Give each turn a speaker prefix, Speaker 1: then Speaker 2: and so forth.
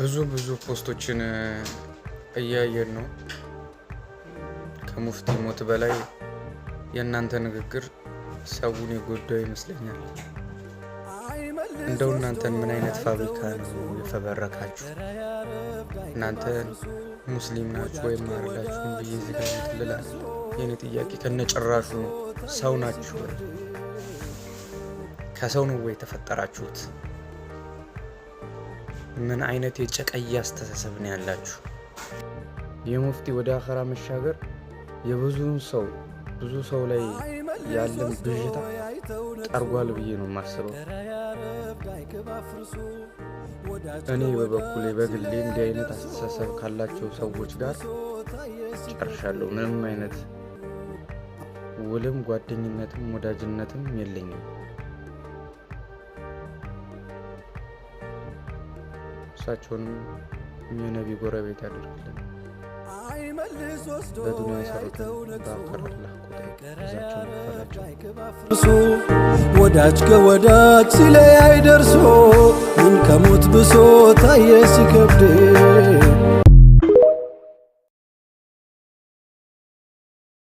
Speaker 1: ብዙ ብዙ ፖስቶችን እያየን ነው። ከሙፍቲ ሞት በላይ የእናንተ ንግግር ሰውን የጎዳው ይመስለኛል። እንደው እናንተን ምን አይነት ፋብሪካ ነው የፈበረካችሁ? እናንተ ሙስሊም ናችሁ ወይም አርላችሁም ብዬ ዚጋ ትልላል። የኔ ጥያቄ ከነጭራሹ ሰው ናችሁ ከሰው ነው ወይ የተፈጠራችሁት? ምን አይነት የጨቀየ አስተሳሰብ ነው ያላችሁ? የሙፍቲ ወደ አኸራ መሻገር የብዙውን ሰው ብዙ ሰው ላይ ያለን ብዥታ ጠርጓል ብዬ ነው የማስበው። እኔ በበኩሌ በግሌ እንዲህ አይነት አስተሳሰብ ካላቸው ሰዎች ጋር ጨርሻለሁ። ምንም አይነት ውልም ጓደኝነትም ወዳጅነትም የለኝም። ነፍሳቸውንም የነቢ ጎረቤት ያደርግልን። በዱንያ የሰሩትን በአኸራ ወዳጅ ከወዳጅ ሲለያይ አይደርሶ ምን ከሞት ብሶ ታየ ሲከብድ